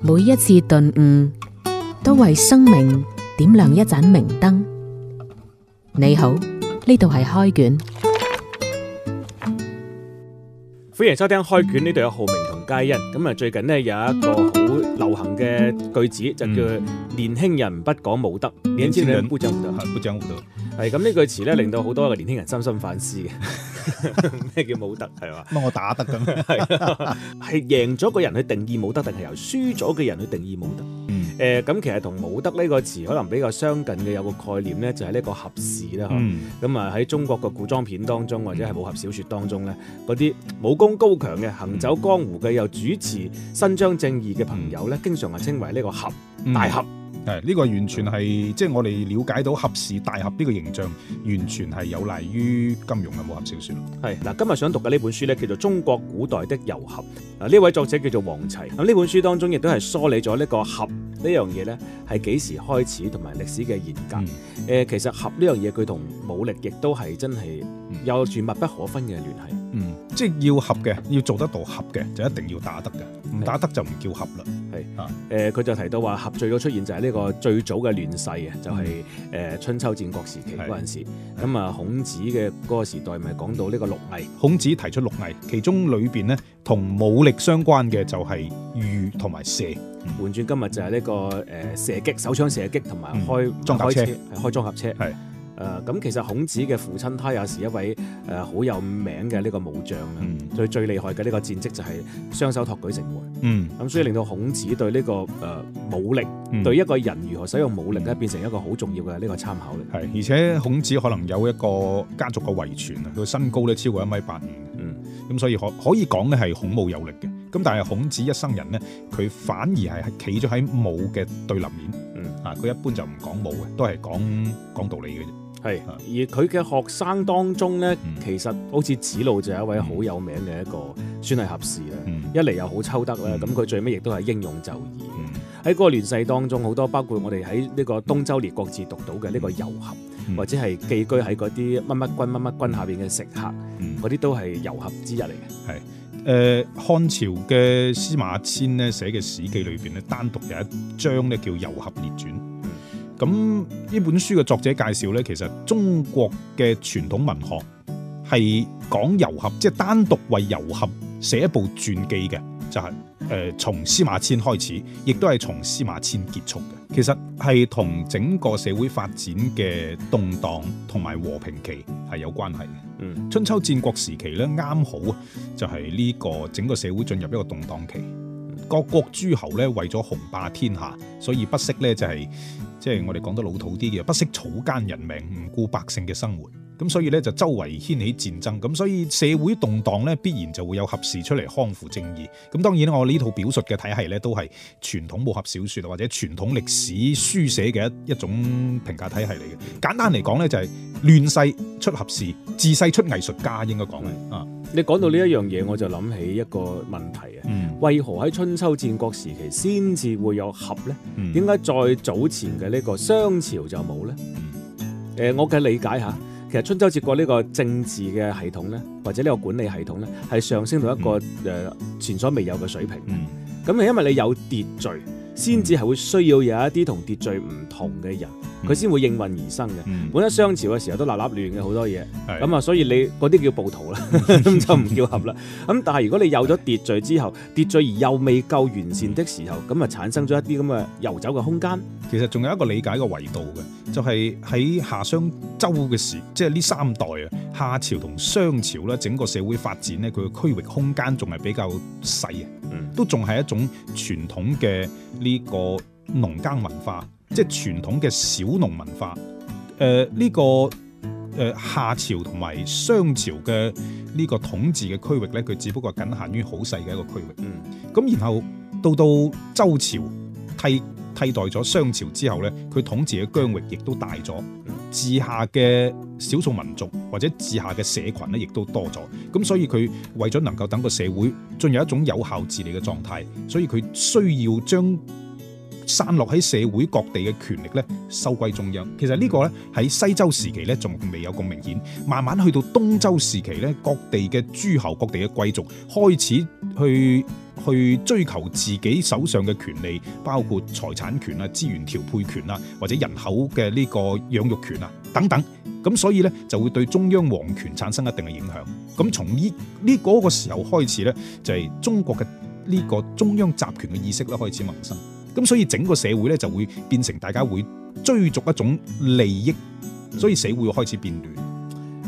每一次頓悟，都為生命點亮一盞明燈。你好，呢度係開卷，歡迎收聽開卷。呢度有浩明同佳欣。咁啊，最近咧，有一個好流行嘅句子，就叫年輕人不講武德。年輕人不講武德，不講武德。係咁呢句詞咧，令到好多嘅年輕人深深反思嘅。咩叫武德係嘛？乜我打得咁？係係贏咗個人去定義武德，定係由輸咗嘅人去定義武德？誒、嗯呃，咁其實同武德呢個詞可能比較相近嘅有個概念咧，就係呢個俠士啦。咁啊喺中國嘅古裝片當中，或者係武俠小說當中咧，嗰啲武功高強嘅行走江湖嘅又主持伸張正義嘅朋友咧，經常係稱為呢個俠大俠。係呢、這個完全係即係我哋了解到俠士大俠呢個形象，完全係有賴於金庸嘅武俠小說。係嗱，今日想讀嘅呢本書咧叫做《中國古代的游俠》，嗱呢位作者叫做王齊。咁呢本書當中亦都係梳理咗呢個俠呢樣嘢咧，係幾時開始同埋歷史嘅沿革。誒、嗯，其實俠呢樣嘢佢同武力亦都係真係有住密不可分嘅聯繫。嗯，即係要俠嘅，要做得到俠嘅就一定要打得嘅，唔是打得就唔叫俠啦。係是，誒是，佢、呃、就提到話俠最早出現就係呢個最早嘅亂世啊，嗯、就係、是、誒、呃、春秋戰國時期嗰陣時。咁啊是，孔子嘅嗰個時代咪講到呢個六藝，孔子提出六藝，其中裏邊呢，同武力相關嘅就係御同埋射。換、嗯、轉今日就係呢、這個誒射擊，手槍射擊同埋開裝、嗯、甲車，係開裝甲車，係。誒咁、呃、其實孔子嘅父親他也是一位誒好、呃、有名嘅呢個武將啦。佢、嗯、最厲害嘅呢個戰績就係雙手托舉城門。咁、嗯、所以令到孔子對呢、這個誒、呃、武力，嗯、對一個人如何使用武力咧，嗯、變成一個好重要嘅呢個參考。係，而且孔子可能有一個家族嘅遺傳啊，佢身高咧超過一米八五。咁、嗯、所以可可以講咧係孔武有力嘅。咁但係孔子一生人呢，佢反而係企咗喺武嘅對立面。啊、嗯，佢一般就唔講武嘅，都係講講道理嘅啫。係，而佢嘅學生當中咧，嗯、其實好似子路就係一位好有名嘅一個，嗯、算係俠士啦。嗯、一嚟又好抽得咧，咁佢、嗯、最尾亦都係英勇就義。喺嗰、嗯、個亂世當中，好多包括我哋喺呢個東周列國志讀到嘅呢個遊俠，嗯、或者係寄居喺嗰啲乜乜君乜乜君下邊嘅食客，嗰啲、嗯、都係遊俠之一嚟嘅。係，誒、呃，漢朝嘅司馬遷咧寫嘅史記裏邊咧，單獨有一章咧叫遊俠列傳。咁呢本書嘅作者介紹呢，其實中國嘅傳統文學係講遊俠，即係單獨為遊俠寫一部傳記嘅，就係誒從司馬遷開始，亦都係從司馬遷結束嘅。其實係同整個社會發展嘅動盪同埋和平期係有關係嘅。嗯，春秋戰國時期呢，啱好就係呢個整個社會進入一個動盪期。各國諸侯咧為咗雄霸天下，所以不惜咧就係即係我哋講得老土啲嘅，不惜草菅人命，唔顧百姓嘅生活。咁所以咧就周圍掀起戰爭，咁所以社會動盪咧必然就會有俠士出嚟，匡扶正義。咁當然我呢套表述嘅體系咧都係傳統武俠小說或者傳統歷史書寫嘅一一種評價體系嚟嘅。簡單嚟講咧就係亂世出俠士，盛世出藝術家應該講嘅啊。嗯你講到呢一樣嘢，我就諗起一個問題啊。嗯、為何喺春秋戰國時期先至會有俠呢？點解再早前嘅呢個商朝就冇呢？誒、嗯呃，我嘅理解一下，其實春秋戰國呢個政治嘅系統呢，或者呢個管理系統呢，係上升到一個前所未有嘅水平的。咁係、嗯、因為你有秩序，先至係會需要有一啲同秩序唔同嘅人。佢先會應運而生嘅。本身商朝嘅時候都立立亂嘅好多嘢，咁啊，所以你嗰啲叫暴徒啦，咁 就唔叫合啦。咁但係如果你有咗秩序之後，是的 秩序而又未夠完善的時候，咁啊產生咗一啲咁嘅遊走嘅空間。其實仲有一個理解嘅維度嘅，就係、是、喺夏商周嘅時，即係呢三代啊，夏朝同商朝咧，整個社會發展咧，佢嘅區域空間仲係比較細啊，都仲係一種傳統嘅呢個農耕文化。即係傳統嘅小農文化，誒、呃、呢、這個誒、呃、夏朝同埋商朝嘅呢個統治嘅區域咧，佢只不過係僅限於好細嘅一個區域。咁、嗯、然後到到周朝替替代咗商朝之後咧，佢統治嘅疆域亦都大咗，嗯、治下嘅少數民族或者治下嘅社群咧，亦都多咗。咁所以佢為咗能夠等個社會進入一種有效治理嘅狀態，所以佢需要將。散落喺社會各地嘅權力咧，收歸中央。其實這個呢個咧喺西周時期咧，仲未有咁明顯。慢慢去到東周時期咧，各地嘅諸侯、各地嘅貴族開始去去追求自己手上嘅權利，包括財產權啊、資源調配權啊，或者人口嘅呢個養育權啊等等。咁所以呢，就會對中央皇權產生一定嘅影響。咁從呢呢嗰個時候開始呢，就係中國嘅呢個中央集權嘅意識咧開始萌生。咁所以整個社會咧就會變成大家會追逐一種利益，所以社會開始變亂。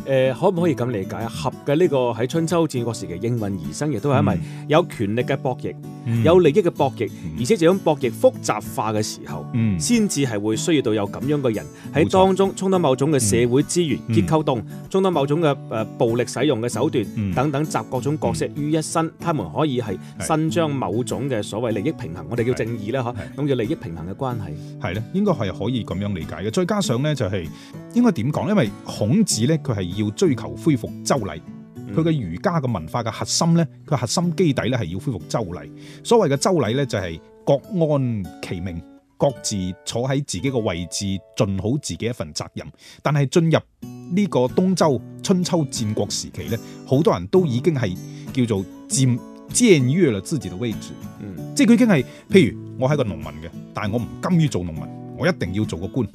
誒、呃，可唔可以咁理解啊？合嘅呢個喺春秋戰國時期應運而生，亦都係因為有權力嘅博弈，嗯、有利益嘅博弈，嗯、而且呢種博弈複雜化嘅時候，先至係會需要到有咁樣嘅人喺、嗯、當中充當某種嘅社會資源、嗯嗯、結構洞，充當某種嘅誒暴力使用嘅手段、嗯、等等，集各種角色於一身，嗯、他們可以係伸張某種嘅所謂利益平衡，我哋叫正義啦，嗬，咁叫利益平衡嘅關係。係咧，應該係可以咁樣理解嘅。再加上咧、就是，就係應該點講？因為孔子咧，佢係要追求恢復周禮，佢嘅儒家嘅文化嘅核心呢，佢核心基底呢，係要恢復周禮。所謂嘅周禮呢，就係各安其名，各自坐喺自己嘅位置，盡好自己一份責任。但係進入呢個東周春秋戰國時期呢，好多人都已經係叫做僭僭越啦，自己嘅位置。嗯，即係佢已經係，譬如我係個農民嘅，但係我唔甘於做農民，我一定要做個官。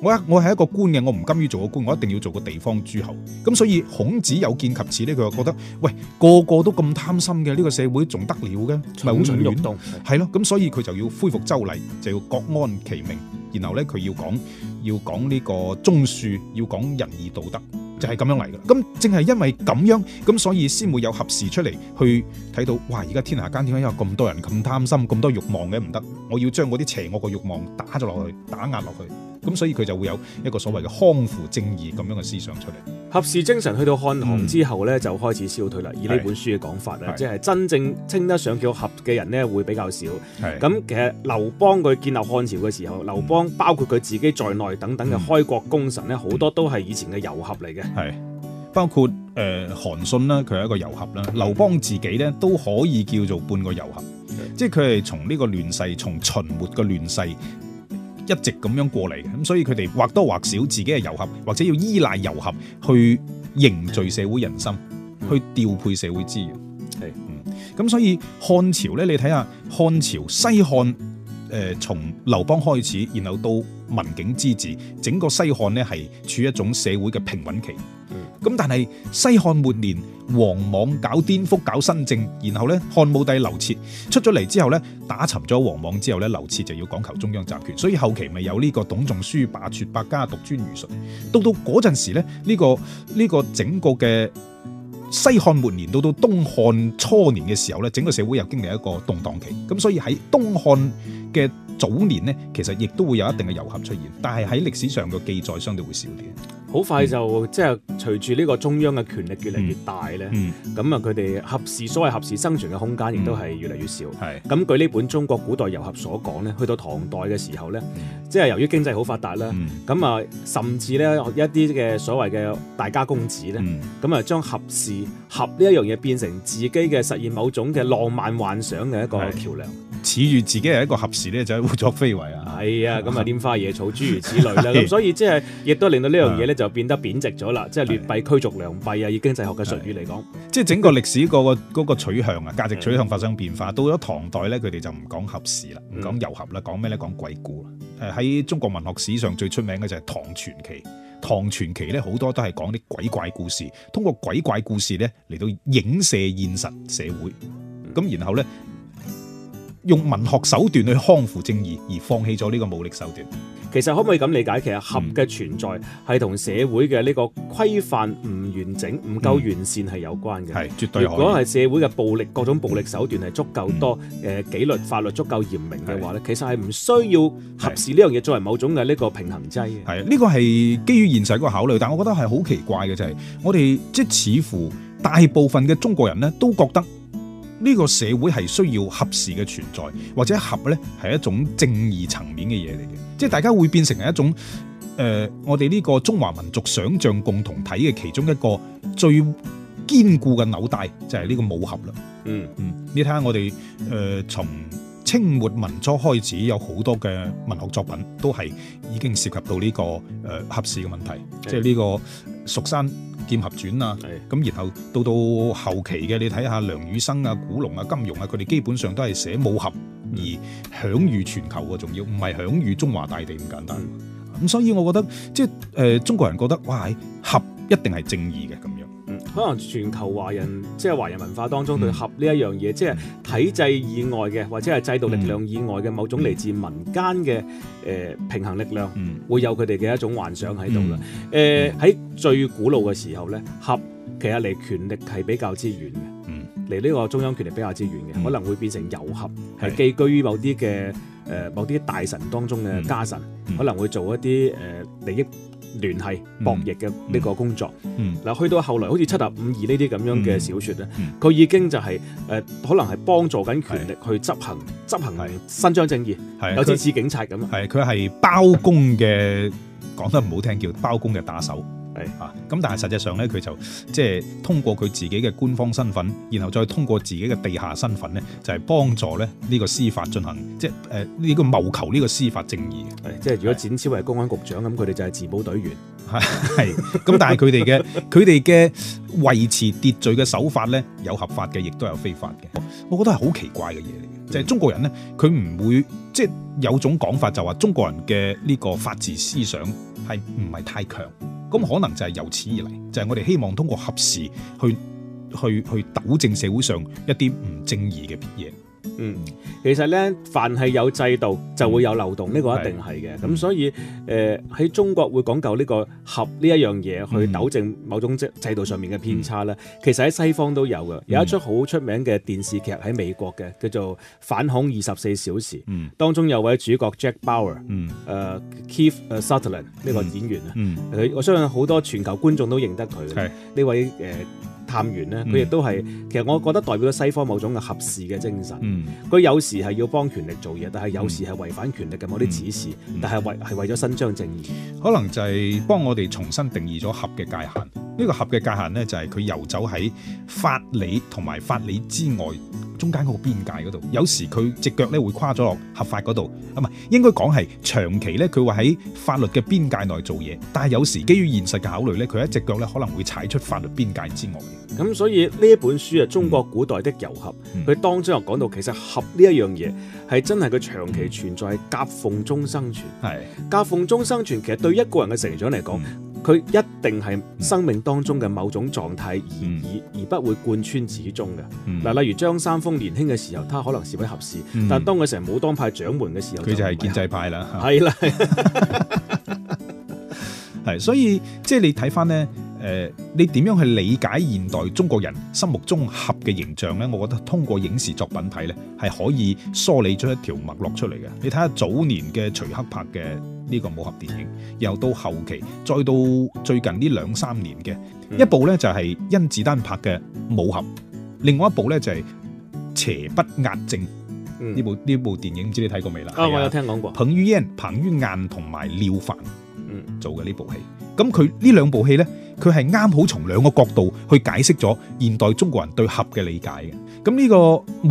我一我係一個官嘅，我唔甘於做個官，我一定要做個地方諸侯。咁所以孔子有見及此呢，佢就覺得，喂，個個都咁貪心嘅，呢個社會仲得了嘅？咪好蠢蠢欲動，係咯。咁所以佢就要恢復周禮，就要各安其名。然後呢，佢要講要講呢個忠恕，要講仁義道德，就係咁樣嚟噶啦。咁正係因為咁樣，咁所以先會有合時出嚟去睇到，哇！而家天下間點解有咁多人咁貪心，咁多欲望嘅？唔得，我要將嗰啲邪惡嘅欲望打咗落去，打壓落去。咁所以佢就會有一個所謂嘅匡扶正義咁樣嘅思想出嚟、嗯。俠士精神去到漢唐之後咧，就開始消退啦。以呢本書嘅講法咧，即係是真正稱得上叫俠嘅人咧，會比較少。係咁是，其實劉邦佢建立漢朝嘅時候，劉邦包括佢自己在內等等嘅開國功臣咧，好、嗯、多都係以前嘅游俠嚟嘅。係包括誒韓、呃、信啦，佢係一個游俠啦。劉邦自己咧都可以叫做半個游俠，的即係佢係從呢個亂世，從秦末嘅亂世。一直咁樣過嚟，咁所以佢哋或多或少自己係遊俠，或者要依賴遊俠去凝聚社會人心，去調配社會資源。係的，咁、嗯、所以漢朝呢，你睇下漢朝西漢，誒、呃，從劉邦開始，然後到。文景之治，整個西漢咧係處一種社會嘅平穩期。咁、嗯、但係西漢末年，王莽搞顛覆、搞新政，然後呢漢武帝劉徹出咗嚟之後呢，打沉咗王莽之後呢，劉徹就要講求中央集權，所以後期咪有呢個董仲舒罷黜百家、獨尊儒術。到到嗰陣時呢、這個呢、這個整個嘅西漢末年，到到東漢初年嘅時候呢，整個社會又經歷一個動盪期。咁所以喺東漢嘅。早年咧，其實亦都會有一定嘅遊俠出現，但係喺歷史上嘅記載相對會少啲。好快就、嗯、即係隨住呢個中央嘅權力越嚟越大咧，咁啊佢哋俠士，所謂俠士生存嘅空間亦都係越嚟越少。係咁的據呢本中國古代游俠所講咧，去到唐代嘅時候咧，嗯、即係由於經濟好發達啦，咁啊、嗯、甚至咧一啲嘅所謂嘅大家公子咧，咁啊將俠士俠呢一樣嘢變成自己嘅實現某種嘅浪漫幻想嘅一個橋樑。恃住自己係一個俠士咧，就係胡作非為啊！係啊，咁啊拈花惹草諸如此類啦。咁 所以即係亦都令到呢樣嘢咧。就變得貶值咗啦，即係劣幣驅逐良幣啊！的以經濟學嘅術語嚟講，即係整個歷史嘅、嗰個個嗰、嗰個取向啊，價值取向發生變化。嗯、到咗唐代咧，佢哋就唔講俠事啦，唔講遊俠啦，嗯、講咩咧？講鬼故啊！誒喺中國文學史上最出名嘅就係唐傳奇。唐傳奇咧好多都係講啲鬼怪故事，通過鬼怪故事咧嚟到影射現實社會。咁、嗯、然後咧。用文學手段去匡扶正義，而放棄咗呢個武力手段。其實可唔可以咁理解？其實俠嘅存在係同社會嘅呢個規範唔完整、唔夠、嗯、完善係有關嘅。係絕對。如果係社會嘅暴力、各種暴力手段係足夠多，誒紀、嗯呃、律法律足夠嚴明嘅話咧，是其實係唔需要俠士呢樣嘢作為某種嘅呢個平衡劑嘅。係呢、這個係基於現實個考慮。但我覺得係好奇怪嘅，就係、是、我哋即係似乎大部分嘅中國人咧都覺得。呢個社會係需要合時嘅存在，或者合呢係一種正義層面嘅嘢嚟嘅，即係大家會變成係一種誒、呃，我哋呢個中華民族想象共同體嘅其中一個最堅固嘅紐帶就係、是、呢個武俠啦。嗯嗯，你睇下我哋誒從。呃從清末民初開始有好多嘅文學作品都係已經涉及到呢個誒俠士嘅問題，即係呢個《蜀山劍俠傳》啊，咁然後到到後期嘅你睇下梁羽生啊、古龍啊、金庸啊，佢哋基本上都係寫武俠而享譽全球嘅，仲要唔係享譽中華大地咁簡單的。咁所以我覺得即係誒、呃、中國人覺得哇，俠一定係正義嘅咁。可能全球華人即係華人文化當中對俠呢一樣嘢，嗯、即係體制以外嘅，或者係制度力量以外嘅某種嚟自民間嘅誒、呃、平衡力量，嗯、會有佢哋嘅一種幻想喺度啦。誒喺最古老嘅時候咧，俠其實離權力係比較之遠嘅，離呢、嗯、個中央權力比較之遠嘅，嗯、可能會變成遊俠，係是寄居於某啲嘅誒某啲大臣當中嘅家臣，嗯、可能會做一啲誒、呃、利益。聯繫博弈嘅呢個工作，嗱、嗯嗯、去到後來好似《七俠五義》呢啲咁樣嘅小説咧，佢、嗯、已經就係、是、誒、呃、可能係幫助緊權力去執行執、嗯、行伸張正義，是有啲似警察咁。係佢係包公嘅，講得唔好聽叫包公嘅打手。係啊，咁是但係實際上咧，佢就即係通過佢自己嘅官方身份，然後再通過自己嘅地下身份咧，就係、是、幫助咧呢個司法進行，即係誒呢個謀求呢個司法正義即係如果展昭係公安局長，咁佢哋就係自保隊員。係咁，但係佢哋嘅佢哋嘅維持秩序嘅手法咧，有合法嘅，亦都有非法嘅。我覺得係好奇怪嘅嘢嚟嘅，就係、是、中國人咧，佢唔會即係有種講法，就話中國人嘅呢個法治思想係唔係太強。咁可能就係由此而嚟，就係我哋希望通過合時去去去糾正社會上一啲唔正義嘅嘢。嗯，其實咧，凡係有制度就會有漏洞，呢、嗯、個一定係嘅。咁是所以，誒喺、嗯呃、中國會講究呢、這個合呢一樣嘢去糾正某種制度上面嘅偏差咧。嗯、其實喺西方都有嘅。嗯、有一出好出名嘅電視劇喺美國嘅，叫做《反恐二十四小時》。嗯、當中有位主角 Jack Bauer，誒、嗯呃、Keith Sutherland 呢個演員啊，嗯嗯、我相信好多全球觀眾都認得佢，呢是位誒。呃探員咧，佢亦都係，嗯、其實我覺得代表咗西方某種嘅俠義嘅精神。佢、嗯、有時係要幫權力做嘢，但係有時係違反權力嘅某啲指示，嗯嗯、但係為係為咗伸張正義，可能就係幫我哋重新定義咗俠嘅界限。呢個俠嘅界限呢，就係佢遊走喺法理同埋法理之外中間嗰個邊界嗰度。有時佢隻腳咧會跨咗落合法嗰度。啊唔係，應該講係長期咧，佢會喺法律嘅邊界內做嘢。但係有時基於現實嘅考慮咧，佢一隻腳咧可能會踩出法律邊界之外。咁所以呢一本書啊，《中國古代的遊俠》，佢、嗯、當中又講到，其實俠呢一樣嘢係真係佢長期存在喺夾縫中生存。係夾縫中生存，其實對一個人嘅成長嚟講。佢一定係生命當中嘅某種狀態而已，嗯、而不會貫穿始終嘅。嗱、嗯，例如張三豐年輕嘅時候，他可能是位俠士，嗯、但當佢成為武當派掌門嘅時候，佢就係建制派啦。係啦，係，所以即係、就是、你睇翻呢。誒、呃，你點樣去理解現代中國人心目中俠嘅形象呢？我覺得通過影視作品睇呢，係可以梳理出一條脈絡出嚟嘅。你睇下早年嘅徐克拍嘅呢個武俠電影，又是到後期，再到最近呢兩三年嘅、嗯、一部呢，就係、是、甄子丹拍嘅《武俠》，另外一部呢，就係、是《邪不壓正》呢、嗯、部呢部電影，唔知你睇過未啦？啊，我有聽講過。彭于晏、彭于晏同埋廖凡，嗯，做嘅呢部戲。咁佢呢兩部戲呢，佢係啱好從兩個角度去解釋咗現代中國人對俠嘅理解嘅。咁呢個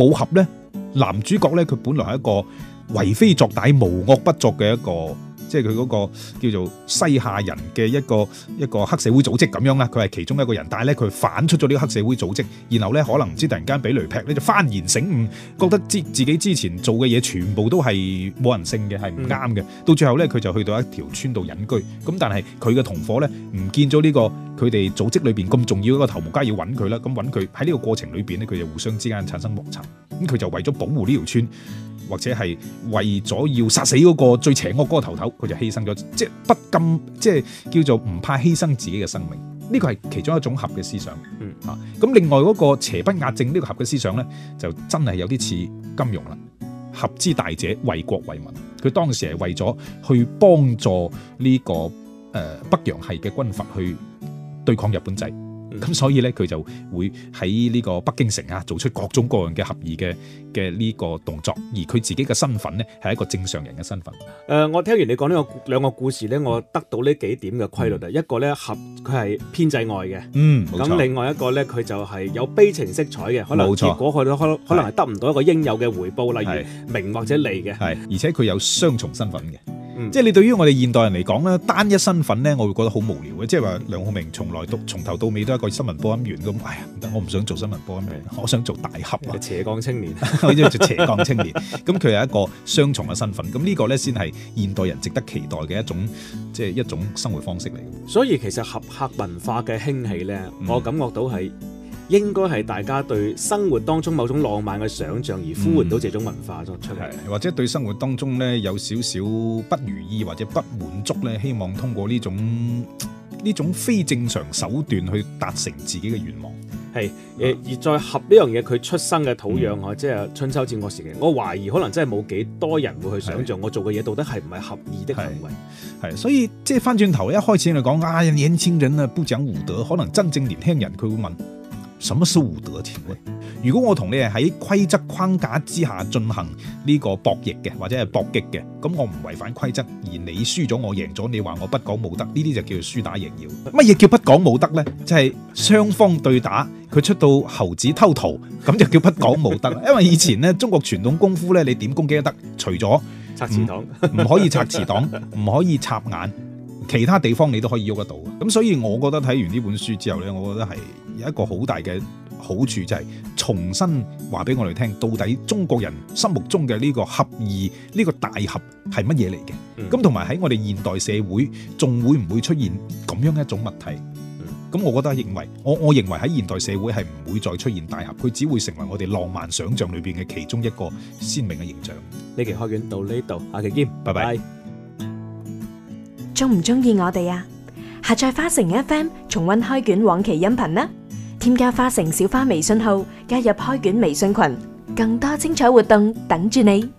武俠呢，男主角呢，佢本來係一個為非作歹、無惡不作嘅一個。即係佢嗰個叫做西夏人嘅一個一個黑社會組織咁樣啦，佢係其中一個人，但係咧佢反出咗呢個黑社會組織，然後咧可能唔知突然間俾雷劈咧就幡然醒悟，覺得之自己之前做嘅嘢全部都係冇人性嘅，係唔啱嘅。嗯、到最後咧，佢就去到一條村度隱居。咁但係佢嘅同伙咧，唔見咗呢個佢哋組織裏邊咁重要嘅一個頭目，梗係要揾佢啦。咁揾佢喺呢個過程裏邊咧，佢就互相之間產生摩擦。咁佢就為咗保護呢條村。或者係為咗要殺死嗰個最邪惡嗰個頭頭，佢就犧牲咗，即、就、係、是、不禁，即、就、係、是、叫做唔怕犧牲自己嘅生命。呢個係其中一種俠嘅思想。嗯啊，咁另外嗰個邪不壓正呢個俠嘅思想呢，就真係有啲似金庸啦。俠之大者，為國為民。佢當時係為咗去幫助呢、這個誒、呃、北洋系嘅軍閥去對抗日本仔。咁所以咧，佢就會喺呢個北京城啊，做出各種各樣嘅合意嘅嘅呢個動作，而佢自己嘅身份呢係一個正常人嘅身份。誒、呃，我聽完你講呢、這個兩個故事呢，我得到呢幾點嘅規律啊，一個呢，合佢係編制外嘅，嗯，咁另外一個呢，佢就係有悲情色彩嘅，可能結果佢都可可能係得唔到一個應有嘅回報，冇錯，例如名或者利嘅，係，而且佢有雙重身份嘅。嗯、即係你對於我哋現代人嚟講咧，單一身份咧，我會覺得好無聊嘅。即係話梁浩明從來都從頭到尾都係一個新聞播音員咁，哎呀，唔得，我唔想做新聞播音員，的我想做大俠啊！斜槓青年，我中意做斜槓青年。咁佢係一個雙重嘅身份，咁呢個咧先係現代人值得期待嘅一種，即係一種生活方式嚟嘅。所以其實俠客文化嘅興起咧，我感覺到係、嗯。應該係大家對生活當中某種浪漫嘅想像而呼喚到這種文化作出嚟、嗯，或者對生活當中呢有少少不如意或者不滿足呢，希望通過呢種呢種非正常手段去達成自己嘅願望。係誒，而，嗯、而再合呢樣嘢，佢出生嘅土壤，我、嗯、即係春秋戰國時期。我懷疑可能真係冇幾多人會去想象是我做嘅嘢到底係唔係合意的行為。係，所以即係翻轉頭，一開始你講啊，年輕人啊不講武德，可能真正年輕人佢會問。什麼是武德嘅？如果我同你喺規則框架之下進行呢個博弈嘅，或者係搏擊嘅，咁我唔違反規則，而你輸咗我贏咗，你話我不講武德，呢啲就叫做輸打贏要。乜嘢叫不講武德呢？就係、是、雙方對打，佢出到猴子偷桃，咁就叫不講武德。因為以前呢，中國傳統功夫呢，你點攻擊都得，除咗插瓷擋，唔可以插瓷擋，唔可以插眼。其他地方你都可以喐得到。咁所以我覺得睇完呢本書之後呢，我覺得係有一個好大嘅好處，就係重新話俾我哋聽，到底中國人心目中嘅呢個俠義，呢、這個大俠係乜嘢嚟嘅？咁同埋喺我哋現代社會，仲會唔會出現咁樣一種問題？咁、嗯、我覺得認為，我我認為喺現代社會係唔會再出現大俠，佢只會成為我哋浪漫想象裏邊嘅其中一個鮮明嘅形象。呢期開卷到呢度，下期見，拜拜 bye。鍾唔鍾意我哋啊？下載花城 FM 重温開卷往期音頻啦！添加花城小花微信號，加入開卷微信群，更多精彩活動等住你。